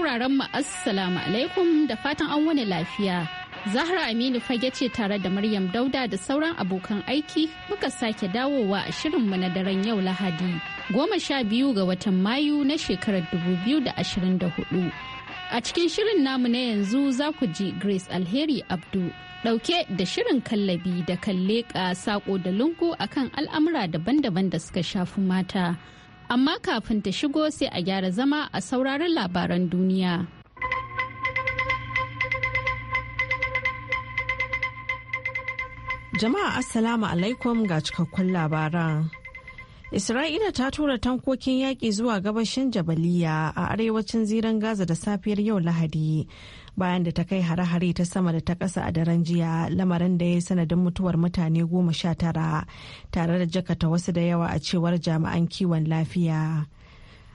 sauraron mu assalamu alaikum da fatan an wani lafiya. Zahra Aminu fage ce tare da Maryam Dauda da sauran abokan aiki muka sake dawowa a shirinmu na daren yau Lahadi goma sha biyu ga watan Mayu na shekarar da da 2024. A cikin shirin namu na yanzu za ku ji Grace Alheri Abdu ɗauke da shirin kallabi da kalle saƙo da lungu akan al'amura daban-daban da suka shafi mata. amma kafin ta shigo sai a gyara zama a sauraron labaran duniya. Jama'a Assalamu alaikum ga cikakkun labaran. Isra'ila ta tura tankokin yaƙi zuwa gabashin Jabaliya a arewacin ziran Gaza da safiyar yau Lahadi bayan da ta kai hare-hare ta sama da ta ƙasa a daren jiya lamarin da ya yi sanadin mutuwar mutane goma sha tara tare da jakata wasu da yawa a cewar jami'an kiwon lafiya.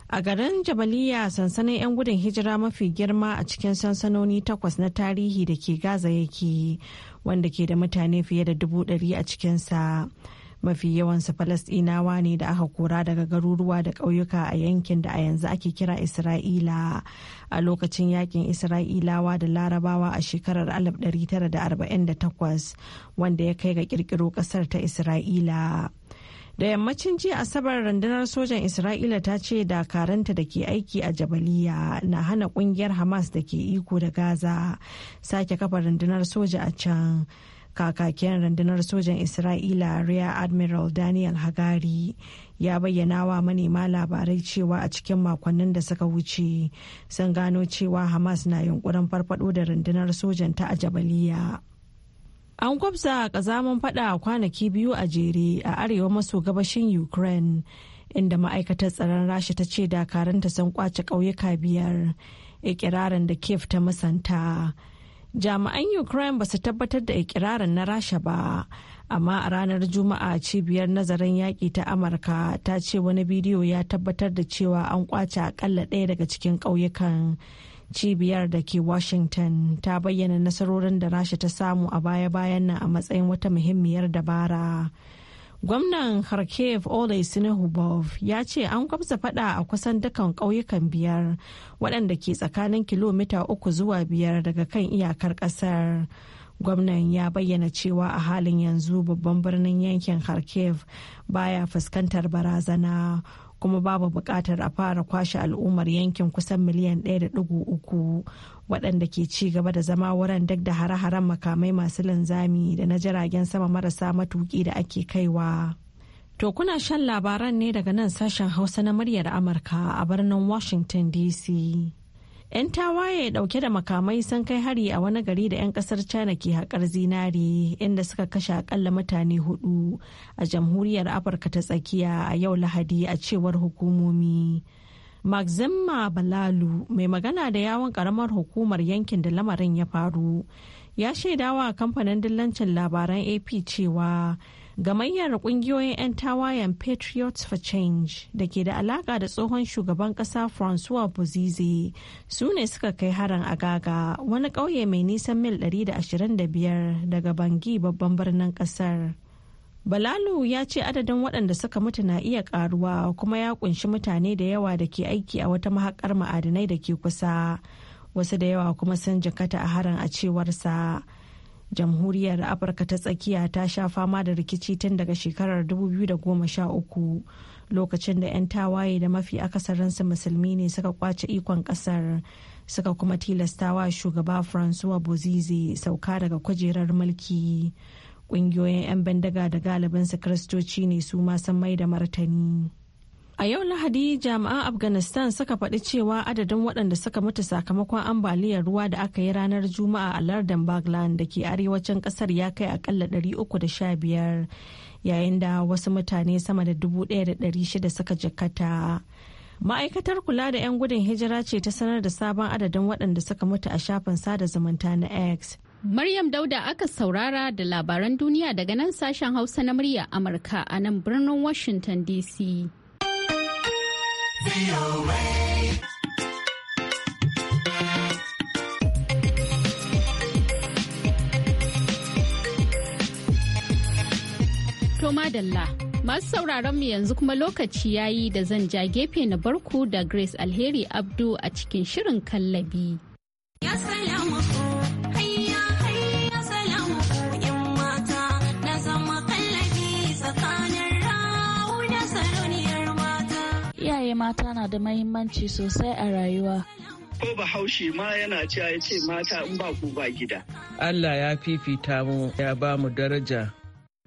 A garin Jabaliya sansanin 'yan gudun hijira mafi girma a cikin sansanoni takwas na tarihi da ke Gaza yake wanda ke da mutane fiye da dubu ɗari a cikinsa. mafi yawansu falasɗinawa ne da aka kora daga garuruwa da ƙauyuka a yankin da a yanzu ake kira isra'ila a lokacin yakin isra'ilawa da larabawa a shekarar 1948 wanda ya kai ga ƙirƙiro ƙasar ta isra'ila da yammacin ji asabar rundunar sojan isra'ila ta ce dakaranta da ke aiki a jabaliya na hana kungiyar hamas da ke iko da gaza sake kafa rundunar soja a can kakakin rundunar sojan isra'ila rear admiral daniel hagari ya bayyana wa manema labarai cewa a cikin makonnin da suka wuce sun gano cewa hamas na yunkurin farfado da rundunar sojan ta a jabaliya an gwabza kazaman fada kwanaki biyu a jere a arewa maso gabashin ukraine inda ma'aikatar tsaron rasha ta ce dakaranta sun kwace ƙauyuka biyar ikirarin da kiev ta musanta. jami'an ukraine ba su tabbatar da ikirarin na rasha ba amma a ranar juma'a cibiyar nazarin yaƙi ta amurka ta ce wani bidiyo ya tabbatar da cewa an kwace akalla ɗaya daga cikin ƙauyukan cibiyar da ke washington ta bayyana nasarorin da rasha ta samu a baya-bayan nan a matsayin wata muhimmiyar dabara. Gwamnan Kharkiv Ole Sinihubov ya ce an kwamsa fada a kusan dukan ƙauyukan biyar waɗanda ke tsakanin kilomita uku zuwa biyar daga kan iyakar ƙasar. Gwamnan ya bayyana cewa a halin yanzu babban birnin yankin Kharkiv baya fuskantar barazana. kuma babu buƙatar a fara kwashe al'ummar yankin kusan miliyan 1.3 waɗanda ke ci gaba da zama wurin duk da hare-haren makamai masu linzami da na jiragen sama marasa matuƙi da ake kaiwa. To kuna shan labaran ne daga nan sashen Hausa na muryar Amurka a birnin Washington DC. 'yan tawaye dauke da makamai sun kai hari a wani gari da 'yan kasar china ke haƙar zinari inda suka kashe akalla mutane hudu a jamhuriyar afirka ta tsakiya a yau lahadi a cewar hukumomi maxima balalu mai magana da yawon karamar hukumar yankin da lamarin ya faru ya shaidawa kamfanin dillancin labaran ap cewa gamayyar kungiyoyin 'yan tawayen patriots for change da ke da alaka da tsohon shugaban kasa francois bozize su ne suka kai harin agaga wani ƙauye mai nisan mil 125 daga bangi babban birnin kasar balalu ya ce adadin waɗanda suka mutu na iya karuwa kuma ya kunshi mutane da yawa da ke aiki a wata mahakar ma'adinai da ke kusa wasu da yawa kuma sun jikata a harin a cewarsa. jamhuriyar afirka ta tsakiya ta sha fama da rikici tun daga shekarar 2013 lokacin da 'yan tawaye da mafi akasarinsu musulmi ne suka kwace ikon kasar suka kuma tilastawa shugaba francois bozize sauka daga kujerar mulki ƙungiyoyin 'yan bandaga da galibinsu kiristoci ne su ma sun mai da martani A yau Lahadi jami'an Afghanistan suka faɗi cewa adadin waɗanda suka mutu sakamakon ambaliyar ruwa da aka yi ranar Juma'a a lardin bagland da ke arewacin ƙasar ya kai akalla 315 yayin da wasu mutane sama da 1,600 suka jikkata. Ma'aikatar kula da 'yan gudun hijira ce ta sanar da sabon adadin waɗanda suka mutu a shafin sada zumunta na X. Maryam Dauda aka saurara da labaran duniya daga nan sashen Hausa na murya Amurka a nan birnin Washington DC. To madalla masu sauraron mu yanzu kuma lokaci ya yi da zan ja gefe na barku da Grace Alheri Abdu a cikin shirin kallabi. Yes, mata na da mahimmanci sosai a rayuwa. Ko bahaushe ma yana cewa ya ce mata in ba ku ba gida. Allah ya fifita mu ya ba mu daraja.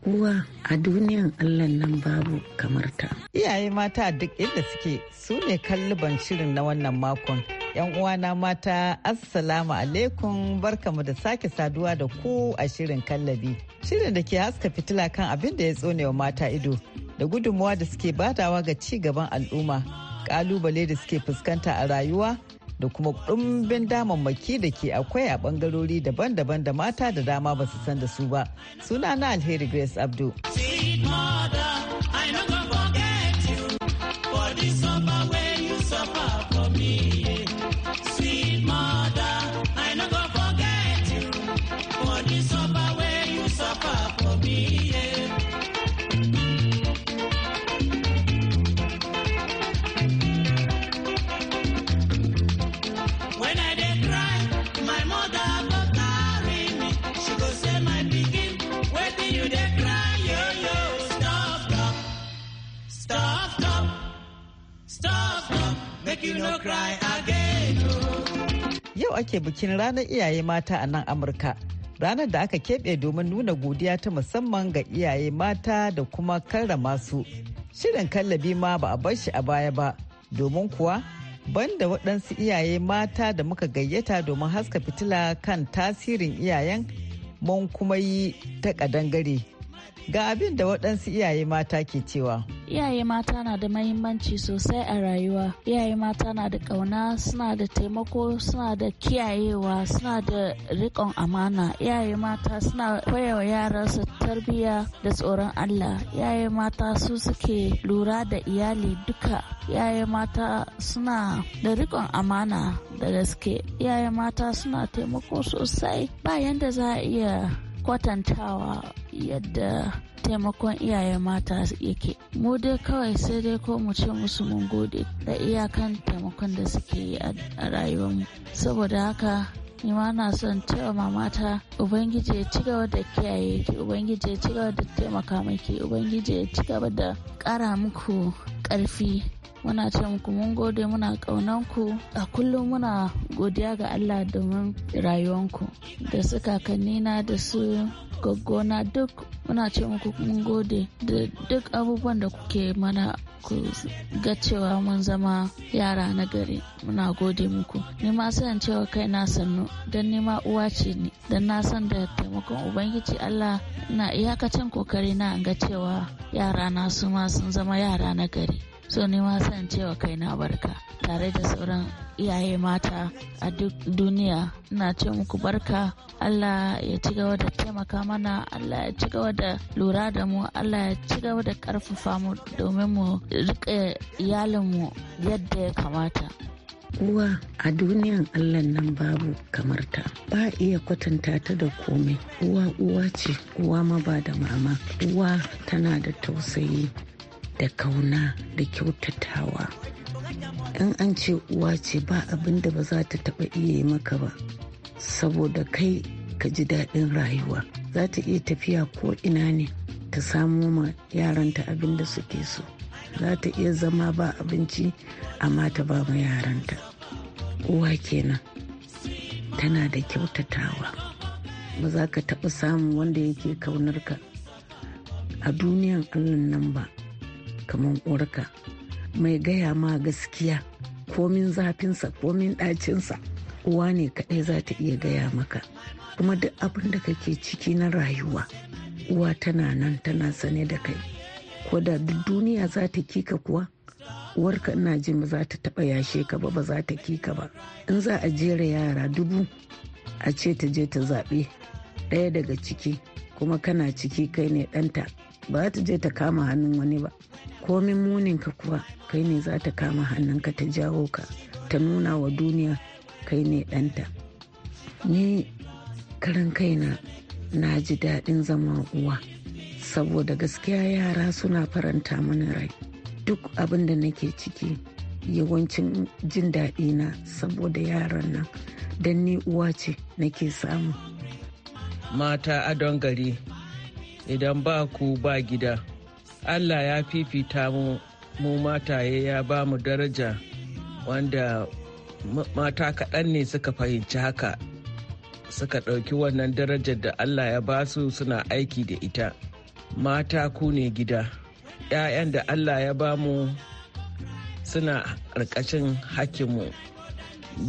Uwa a duniyan Allah nan babu kamar ta. Iyaye mata duk inda suke su ne kalliban shirin na wannan makon. yan uwana mata assalamu alaikum barkamu da sake saduwa da ku a shirin kallabi shirin da ke haska fitila kan abin da ya tsonewa mata ido da gudunmuwa da suke badawa ga ci gaban al'umma kalubale da suke fuskanta a rayuwa da kuma ɗumbin damammaki da ke akwai a ɓangarori daban-daban da mata da dama ba su san da su ba. Suna na Alheri Grace Abdu. Yau ake bikin ranar iyaye mata a nan Amurka. Ranar da aka keɓe domin nuna godiya ta musamman ga iyaye mata da kuma karrama su. Shirin kallabi ma ba a bar shi a baya ba, domin kuwa banda waɗansu iyaye mata da muka gayyata domin haska fitila kan tasirin iyayen mun kuma yi ta ƙadangare. Ga abin da waɗansu iyaye mata ke cewa. Iyaye mata na da mahimmanci sosai a rayuwa. Iyaye mata na da ƙauna, suna da taimako, suna da kiyayewa, suna da riƙon amana. Iyaye mata suna koyawa yara su tarbiyya da tsoron Allah. Iyaye mata su suke lura da iyali duka. Iyaye mata suna da riƙon amana da gaske. Iyaye mata suna taimako sosai. bayan da za a iya kwatantawa yadda taimakon iyaye mata yake mu dai kawai sai dai ko mu ce musu mun gode da iyakan taimakon da suke yi a rayuwarmu saboda haka ni na son cewa mata. ubangiji ya ci gaba da kiyaye ki ubangiji ya ci gaba da taimaka miki ubangiji ya ci gaba da kara muku karfi muna ce muku mun gode muna ƙaunanku a kullum muna godiya ga Allah domin rayuwanku da su kakannina da su gaggona duk muna ce muku mun gode da duk abubuwan da kuke mana ku ga cewa mun zama yara na gari muna gode muku ni ma san cewa kai na sannu don ni ma uwa ce ni. don na san da taimakon ubangiji Allah na iyakacin kokari na ga cewa yara na su ma sun zama yara na gari so ni ma san cewa kaina barka tare da sauran iyaye mata a duk duniya ina ce muku barka allah ya ci gaba da taimaka mana allah ya ci gaba da lura da mu allah ya ci gaba da karfafa mu domin mu rike iyalinmu yadda ya kamata uwa a duniyan allah nan babu kamar ta ba iya kwatanta ta da komai uwa uwa ce uwa ma ba da mama uwa tana da tausayi da kauna da kyautatawa in an ce uwa ce ba abin da ba za ta taba iya yi maka ba saboda kai ka ji daɗin rayuwa za ta iya tafiya ko ina ne ta samo ma yaranta abin da suke so za ta iya zama ba abinci amma ta ba ma yaranta uwa kenan tana da kyautatawa ba za ka taɓa samun wanda yake kaunarka a duniyan allon nan ba kamar ƙorka mai gaya ma gaskiya komin zafinsa komin ɗacinsa uwa ne kaɗai za ta iya gaya maka kuma duk abin da kake ciki na rayuwa uwa tana nan tana sane da kai ko da duk duniya za ta kika kuwa uwarka ina ji ba za ta taɓa yashe ka ba ba za ta kika ba in za a jera yara dubu a ce ta je ta zaɓe ɗaya daga ciki kuma kana ciki kai ne ɗanta ba ta je ta kama hannun wani ba komin muninka kuwa kai ne za ta kama hannunka ta jawo ka ta nuna wa duniya kai ne ɗanta ni karan kaina na ji daɗin zama uwa saboda gaskiya yara suna faranta mana rai duk abin da nake ciki yawancin jin daɗi na saboda yaran nan don ni uwa ce nake samu mata adon gari idan ba ku ba gida allah ya fifita mu mu mataye ya ba mu daraja wanda mata kaɗan ne suka fahimci haka suka ɗauki wannan darajar da allah ya ba su suna aiki da ita mata ku ne gida 'ya'yan da allah ya ba mu suna ƙarƙashin hakimu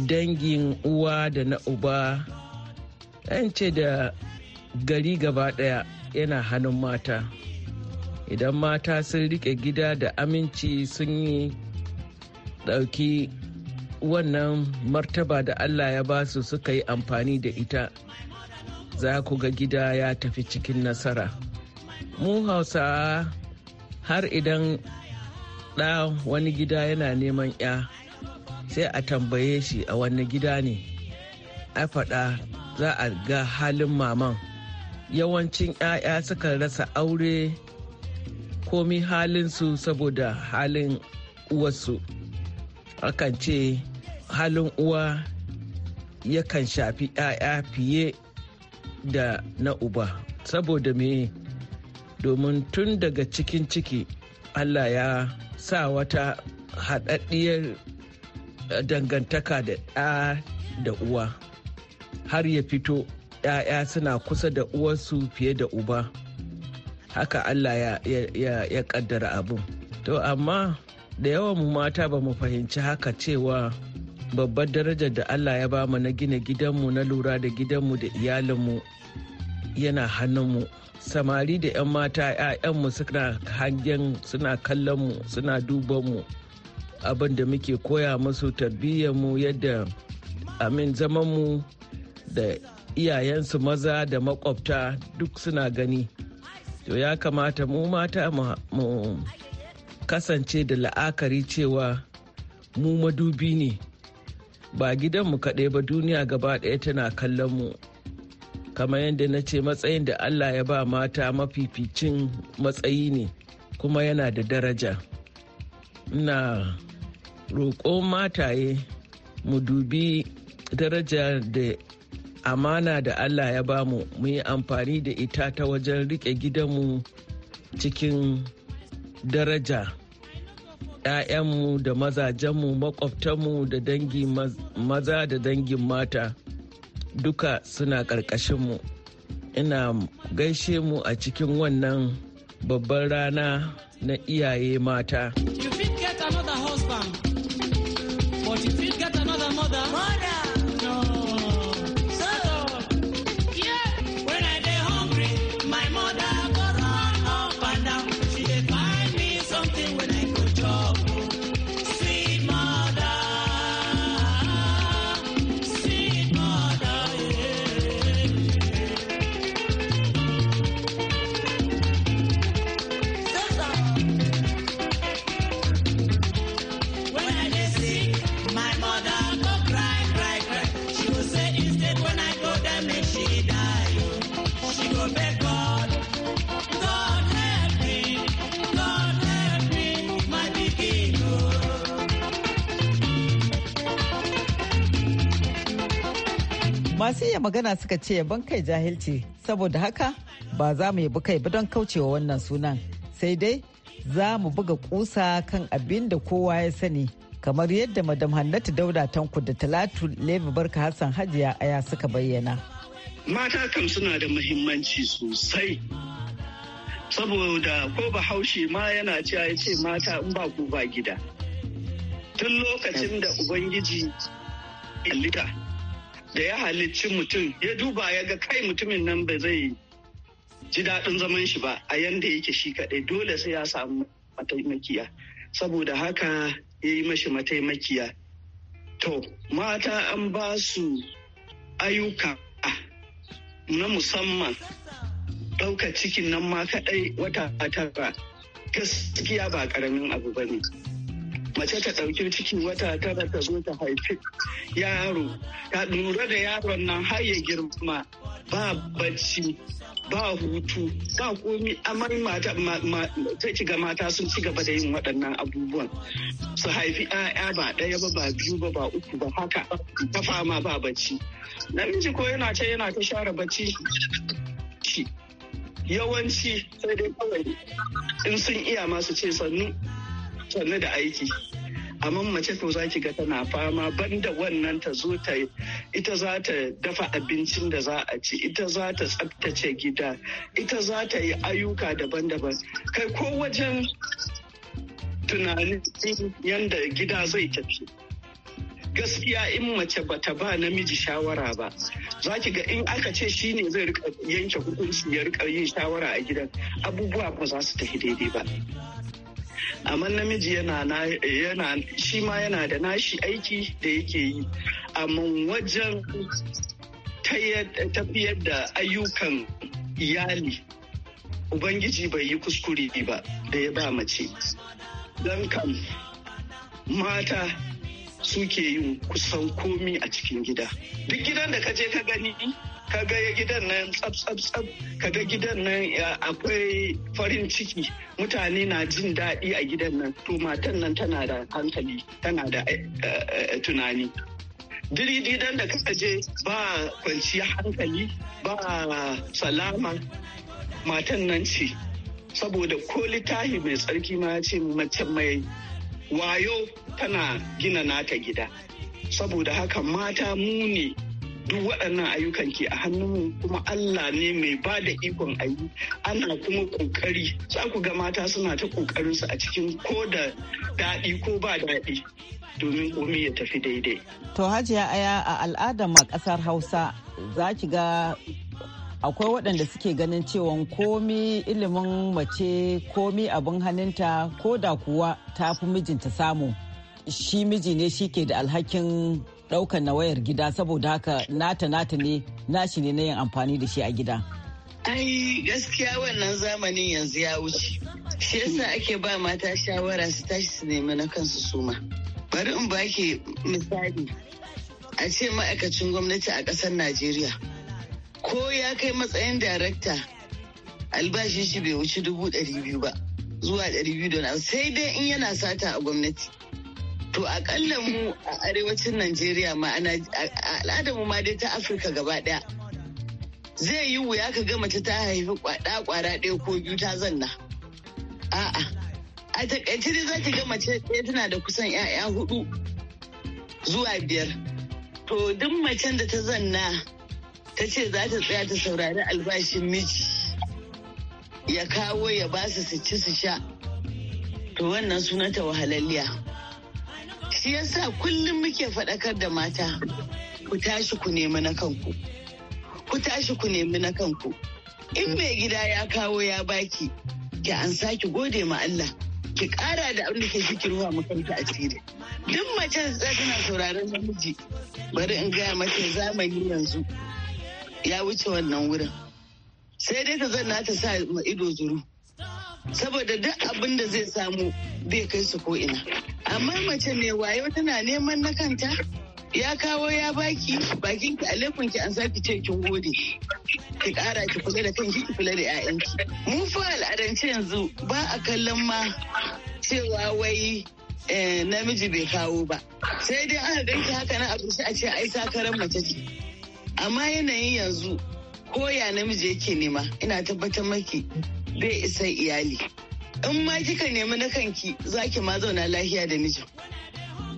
dangin uwa da na uba 'yan ce da gari gaba ɗaya yana hannun mata idan mata sun rike gida da aminci sun yi ɗauki wannan martaba da allah ya ba su suka yi amfani da ita za ku ga gida ya tafi cikin nasara mu hausa har idan ɗa wani gida yana neman ya sai a tambaye shi a wani gida ne a faɗa za a ga halin maman yawancin 'ya'ya suka rasa aure komi halinsu saboda halin uwarsu akan ce halin uwa yakan shafi 'ya'ya fiye da na uba saboda me domin tun daga cikin ciki allah ya sa wata haɗaɗɗiyar eh, dangantaka da ɗa da uwa har ya fito 'ya'ya suna kusa da uwarsu fiye da uba haka allah ya, kaddara abin to amma da yawan mu mata ba mu fahimci haka cewa babbar daraja da allah ya bamu na gina gidanmu na lura da gidanmu da iyalinmu yana hannunmu samari da 'yan mata 'ya'yanmu suna hangen suna kallonmu suna dubanmu abin da muke koya musu mu yadda amin zamanmu da iyayensu maza da makwabta duk suna gani to ya kamata mu mata mu kasance da la'akari cewa mu madubi ne ba gidanmu kaɗai ba duniya gaba ɗaya tana kallon mu kamar yadda na ce matsayin da allah ya ba mata mafificin matsayi ne kuma yana da daraja na roƙo mataye mu dubi daraja da amana da Allah ya bamu mu yi amfani da ita ta wajen rike gidanmu cikin daraja ‘ya'yanmu da mazajenmu makwabtanmu da dangi maza da dangin mata duka suna ƙarƙashinmu ina gaishe mu a cikin wannan babban rana na iyaye mata. Masu iya magana suka ce yabon kai jahilci saboda haka ba za mu yabi kai ba don kaucewa wannan sunan sai dai za mu buga kusa kan abin da kowa ya sani kamar yadda madam hannatu dauda tanku da talatu lebe barka hassan hajiya aya suka bayyana mata kam suna da muhimmanci sosai saboda ko bahaushe ma yana cewa ya ce mata in ba ku ba gida tun lokacin da ubangiji halitta da ya halicci mutum ya duba ya ga kai mutumin nan ba zai ji daɗin zaman shi ba a yanda yake shi kaɗai dole sai ya samu mataimakiya saboda haka ya yi mashi mataimakiya to mata an ba su ayyuka na musamman ɗauka cikin nan ma kaɗai wata tara gaskiya ba ƙaramin abu ba ne mace ta ɗauki ciki wata tara ta zo ta haifi yaro ta lura da yaron nan har ya girma ba bacci ba hutu ba komi amai mata ta ci ga mata sun ci gaba da yin waɗannan abubuwan su haifi 'ya'ya ba ɗaya ba ba biyu ba ba uku ba haka ta fama ba bacci namiji ko yana ce yana ta share bacci yawanci sai dai kawai in sun iya masu ce sannu sannu da aiki amma mace to za ki ga tana fama banda wannan ta zo ta ita za ta dafa abincin da za a ci ita za ta tsabtace gida ita za ta yi ayyuka daban-daban kai ko wajen tunanin yadda gida zai tafi gaskiya in mace bata ba namiji shawara ba za ki ga in aka ce shi ne zai yanke hukunci ya rika yin shawara a gidan abubuwa ba za su tafi daidai ba amma namiji yana yana shi ma yana da nashi aiki da yake yi amma wajen tafiyar da ayyukan iyali ubangiji bai yi kuskure ba da ya ba mace don kam mata suke yin kusan komi a cikin gida duk gidan da ka je ka gani kaga ga gidan nan tsab tsab tsab ka gidan nan akwai farin ciki mutane na jin daɗi a gidan nan to matan nan tana da hankali tana da eh, eh, tunani dirididan da kaka je ba kwanciya hankali ba salama matan nan ce saboda ko littafi mai tsarki ma ce mace mai wayo tana gina nata gida saboda haka mata mu ne duk waɗannan ayyukan ke a hannunmu kuma Allah ne mai ba da ikon ayi ana kuma ƙoƙari za ku ga mata suna ta ƙoƙarinsu a cikin ko da daɗi ko ba daɗi domin komai ya tafi daidai. To hajiya aya a al'adar ma ƙasar Hausa za ki ga akwai waɗanda suke ganin cewa komi ilimin mace komi abin hannunta ko da kuwa ta fi mijinta samu shi miji ne shi ke da alhakin daukan na wayar gida saboda haka nata nata ne nashi ne na yin amfani da shi a gida. Ai gaskiya wannan zamanin yanzu ya wuce. Shi yasa ake ba mata shawara su tashi su nemi na kansu suma. Bari in baki misali. A ce ma'aikacin gwamnati a ƙasar Najeriya. Ko ya kai matsayin darakta albashin shi bai wuce dubu ɗari biyu ba zuwa ɗari biyu da sai dai in yana sata a gwamnati. To akalla mu a arewacin Najeriya ma ana al'adar mu ma dai ta Afirka gaba ɗaya. Zai yi wuya ka ga mace ta haifi kwada kwara ɗaya ko biyu ta zanna. A'a. A takaice dai za ki ga mace ɗaya tana da kusan ƴaƴa hudu zuwa biyar. To duk macen da ta zanna ta ce za ta tsaya ta saurari albashin miji ya kawo ya ba su su ci su sha. To wannan sunanta wahalalliya. shi yasa kullum muke faɗakar da mata ku tashi ku nemi na kanku ku tashi ku nemi na kanku in mai gida ya kawo ya baki ki an ki gode ma Allah ki ƙara da abin da ke cikin ruwa makanta asiri duk mace tana sauraron namiji bari in gaya mace zamani yanzu ya wuce wannan wurin sai dai ta zanna ta sa ma ido zuru saboda duk abin da zai samu bai kai su ko ina amma mace mai wayo tana neman na kanta ya kawo ya baki bakin ki alefin ki an saki ce kin gode ki kara ki kula da kanki ki kula da ƴaƴanki mun fa al'adance yanzu ba a kallon ma cewa wai eh, namiji bai kawo ba sai dai ana ki haka na a sai a ce ai sakaran mace ce amma yanayin yanzu ko ya namiji yake nema ina tabbatar maki bai isa iyali in ma kika nemi na kanki zaki ma zauna lahiya da mijin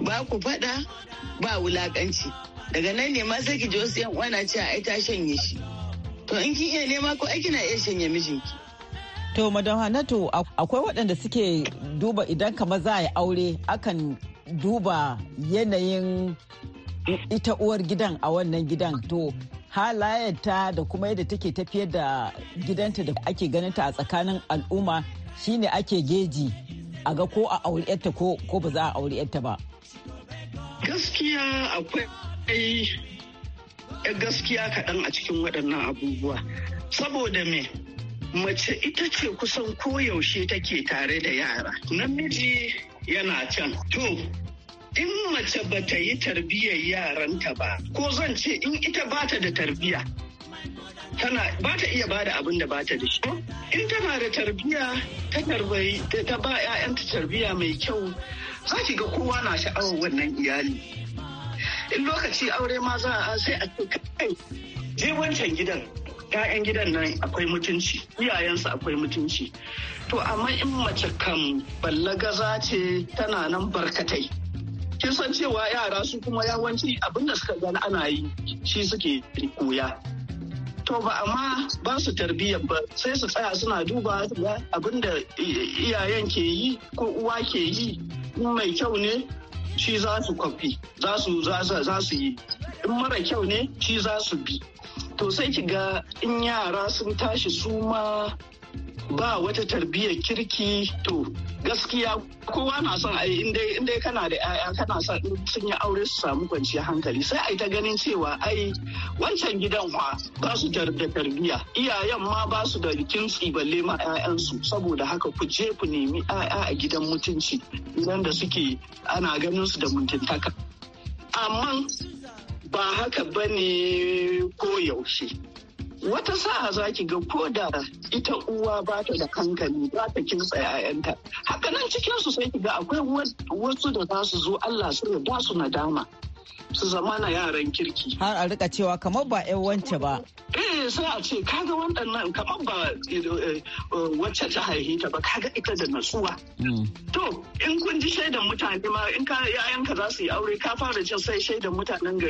ba ku faɗa ba wulakanci daga nan ne ma sai ki ji wasu yan uwa ce ai ta shanye shi to in kin iya nema ko ai kina iya shanye mijinki to madam hanatu akwai waɗanda suke duba idan kamar za a yi aure akan duba yanayin ita uwar gidan a wannan gidan to halayenta da kuma yadda take tafiyar da gidanta da ake ganinta a tsakanin al'umma Shi ne ake geji a ga ko a auri yarta ko ba za a auri ba gaskiya akwai gaskiya kaɗan a cikin waɗannan abubuwa saboda me mace ita ce kusan koyaushe take tare da yara namiji yana can to in mace ba ta yi tarbiyyar yaranta ba ko zan ce in ita ba ta da tarbiyya tana ba ta iya ba da abin da ba ta da shi in tana da tarbiya ta tarbai ta ba 'ya'yanta tarbiya mai kyau za ki ga kowa na sha'awar wannan iyali in lokaci aure ma za a sai a kai je wancan gidan 'ya'yan gidan nan akwai mutunci iyayensu akwai mutunci to amma in mace kan ballagaza ce tana nan barkatai kin san cewa yara su kuma yawanci abin da suka gani ana yi shi suke koya to ba amma ba su tarbiyyar ba sai su tsaya suna duba abin da iyayen ke yi ko uwa ke yi mai kyau ne shi za su kwafi za su yi in mara kyau ne shi za su bi to sai ki ga in yara sun tashi su ma ba wata tarbiyyar kirki to gaskiya kowa na son ai in dai kana da yaya kana son sun yi aure su samu kwanciyar hankali sai ai ta ganin cewa ai wancan gidan fa ba su da tarbiyya iyayen ma ba su da kintsi balle ma 'ya'yansu saboda haka ku je ku nemi 'ya'ya a gidan mutunci idan da suke ana ganin su da mutuntaka amma ba haka bane ko yaushe wata sa'a za ki ga ko da ita uwa ba ta da hankali ba ta kinsa ‘ya'yanta. Haka nan cikin su sai ki ga akwai wasu da za su zo Allah su ba su nadama. Su zama na yaran kirki. Har a rika cewa kamar ba ‘yan wance ba. Eh sai a ce kaga waɗannan kamar ba eh, eh, wacce ta haihi ta ba kaga ita da natsuwa. Hmm. To in kun ji shaidan mutane ma in ka ‘ya'yanka za su yi aure ka fara jin sai shaidan mutanen ga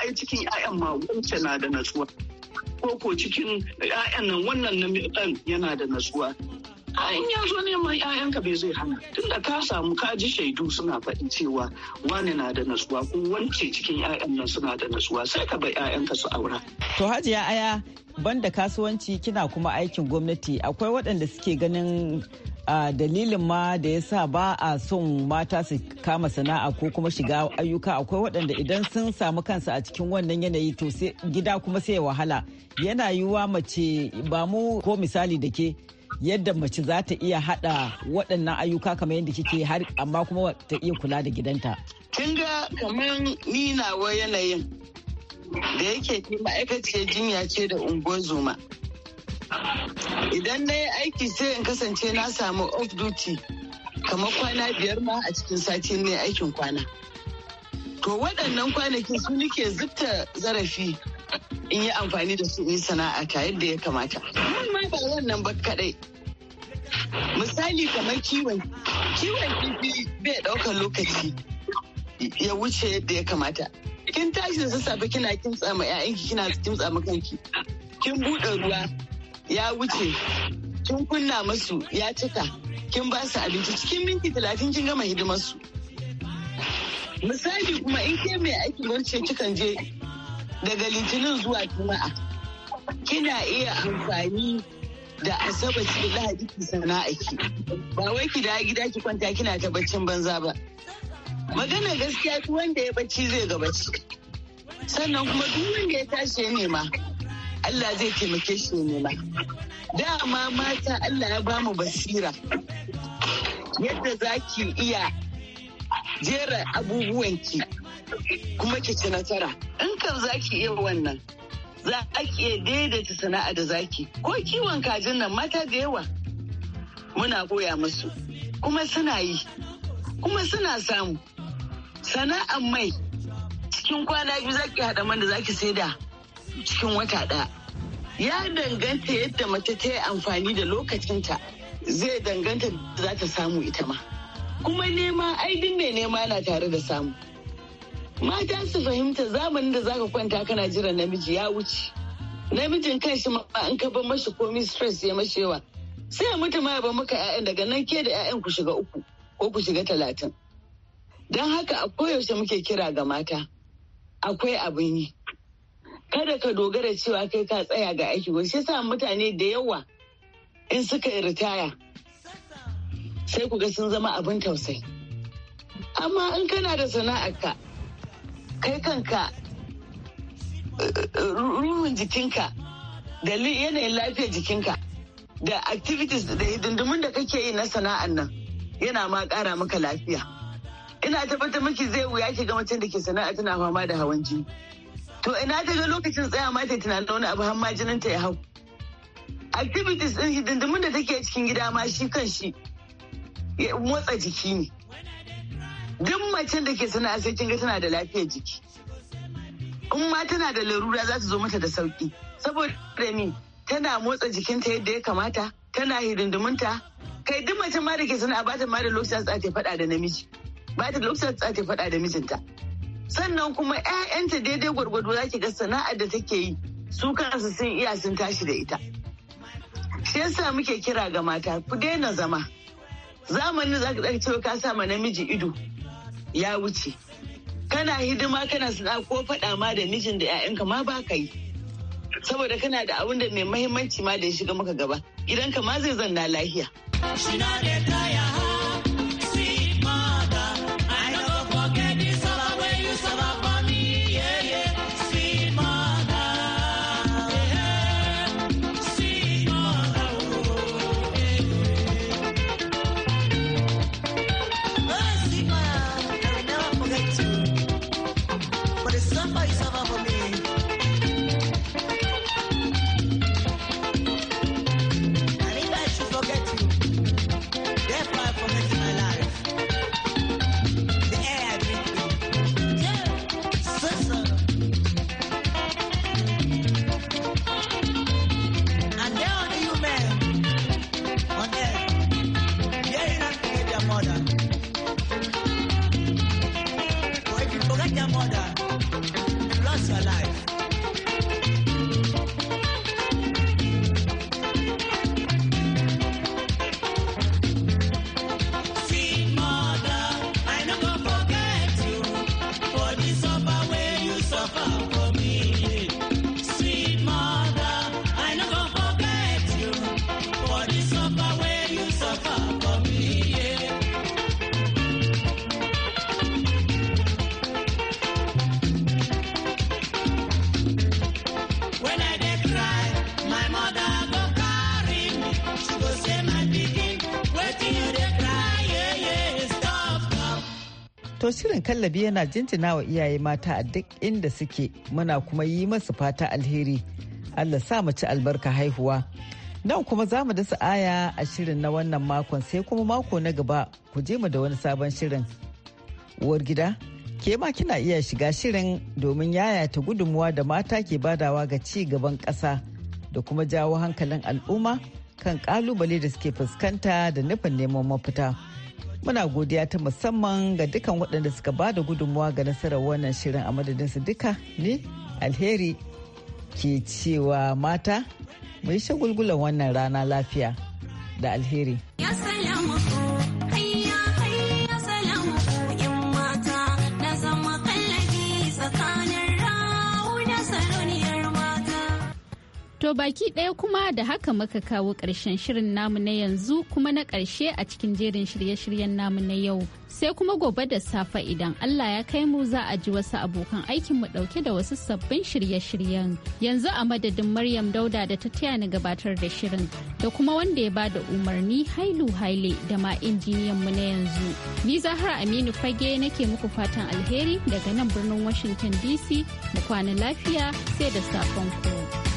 ai cikin ‘ya'yan ma wance na da natsuwa. ko cikin 'ya'yan nan wannan na yana da natsuwa a in ya zo neman 'ya'yanka bai zai hana tunda ka samu ka ji shaidu suna faɗi cewa wani na da nasuwa ko wance cikin 'ya'yan nan suna da nasuwa sai ka bai 'ya'yanka su aura. to hajiya aya banda kasuwanci kina kuma aikin gwamnati akwai waɗanda suke ganin a dalilin ma da ya sa ba a son mata su kama sana'a ko kuma shiga ayyuka akwai waɗanda idan sun samu kansu a cikin wannan yanayi to gida kuma sai wahala yana yiwuwa mace ba mu ko misali da ke yadda mace za ta iya hada waɗannan ayyuka kamar yadda kike har amma kuma ta iya kula da gidanta. Kin ga kamar ni nawa yanayin da yake ke ma'aikaciyar jinya ce da unguwar zuma. Idan na yi aiki sai in kasance na samu off duty kamar kwana biyar ma a cikin sati ne aikin kwana. To waɗannan kwanaki su nike zubta zarafi in yi amfani da su in yi sana'a ta yadda ya kamata. Mun ma ba wannan ba kadai. Misali kamar kiwon, kiwon kifi bai ɗaukar lokaci ya wuce yadda ya kamata. Kin tashi da sassafe kina kimtsa ma ƴaƴanki kina kimtsa ma kanki. Kin buɗe ruwa ya wuce, kin kunna masu ya cika, kin ba su abinci cikin minti talatin kin gama hidimar su. Misali kuma in ke mai aiki barce kikan je daga litinin zuwa juma'a kina iya amfani da asabar ki lahadi ki sana'a ki ba wai ki da gida ki kwanta kina ta baccin banza ba magana gaskiya duk wanda ya bacci zai ga bacci sannan kuma duk wanda ya tashi ya nema Allah zai taimake shi ya nema dama mata Allah ya bamu basira yadda za ki iya jera abubuwanki kuma ki ci nasara in kan zaki iya wannan za a iya daidaita sana'a da zaki ko kiwon kajin nan mata da yawa muna koya musu kuma suna yi kuma suna samu sana'an mai cikin kwana biyu zaki haɗa man da zaki da cikin wata ɗaya ya danganta yadda mace ta yi amfani da lokacinta zai danganta za ta samu ita ma kuma nema ai duk mai nema na tare da samu mata su fahimta zamanin da zaka kwanta kana jiran namiji ya wuce namijin kanshi ma in ka bar mashi komi stress ya mashi yawa sai ya mutu ma ya maka ƴaƴan daga nan ke da ƴaƴan ku shiga uku ko ku shiga talatin don haka a koyaushe muke kira ga mata akwai abin yi kada ka dogara cewa kai ka tsaya ga aiki wai sai sa mutane da yawa in suka yi ritaya sai ku ga sun zama abin tausayi amma in kana da ka. kai kanka eh, eh, ruhun jikinka da yanayin lafiyar jikinka da activities da hidindimun da kake yi na sana'an nan yana ma ƙara maka lafiya ina tabbatar miki zai wuya ki ga macen da ke sana'a tana fama da hawan jini to ina ta ga lokacin tsaya ma ta tunanin wani abu har ma jinin ta ya hau activities din hidindimun da take cikin gida ma shi kan shi motsa jiki ne duk macen da ke sana'a sai kin ga tana da lafiyar jiki in ma tana da larura za ta zo mata da sauki saboda ni tana motsa jikinta yadda ya kamata tana hidindiminta kai duk macen ma da ke sana'a ba ta ma da lokacin za ta da namiji ba ta lokacin za ta faɗa da mijinta sannan kuma 'ya'yanta daidai gwargwado za ki ga sana'ar da take yi su kansu sun iya sun tashi da ita shi yasa muke kira ga mata ku daina zama zamanin za ka cewa ka sa ma namiji ido ya wuce kana hidima kana suna ko faɗa ma da mijin da 'ya'yanka ma ba ka yi saboda kana da abin da mai mahimmanci ma da ya shiga maka gaba idan ka ma zai zanna lahiya. shirin kallabi yana jinjina wa iyaye mata a duk inda suke muna kuma yi masu fata alheri. Allah sa mu ci albarka haihuwa. Nan kuma za mu dasa aya a shirin na wannan makon sai kuma mako na gaba ku je mu da wani sabon shirin. Uwar gida, ke ma kina iya shiga shirin domin yayata gudunmuwa da mata ke badawa ga ci gaban ƙasa da kuma jawo hankalin al'umma kan ƙalubale da suke fuskanta da nufin neman mafita. muna godiya ta musamman ga dukan waɗanda suka ba da gudunmuwa ga nasarar wannan shirin a madadin su duka ne alheri ke cewa mata mu yi shagulgulan wannan rana lafiya da alheri. To baki ɗaya kuma da haka maka kawo ƙarshen shirin namu na yanzu kuma na ƙarshe a cikin jerin shirye-shiryen namu na yau. Sai kuma gobe da safe idan Allah ya kai mu za a ji wasu abokan aikin mu ɗauke da wasu sabbin shirye-shiryen. Yanzu a madadin Maryam Dauda da ta taya ni gabatar da shirin da kuma wanda ya bada umarni Hailu Haile da ma injiniyan mu na yanzu. Ni Zahra Aminu Fage nake muku fatan alheri daga nan birnin Washington DC mu kwana lafiya sai da safon ku.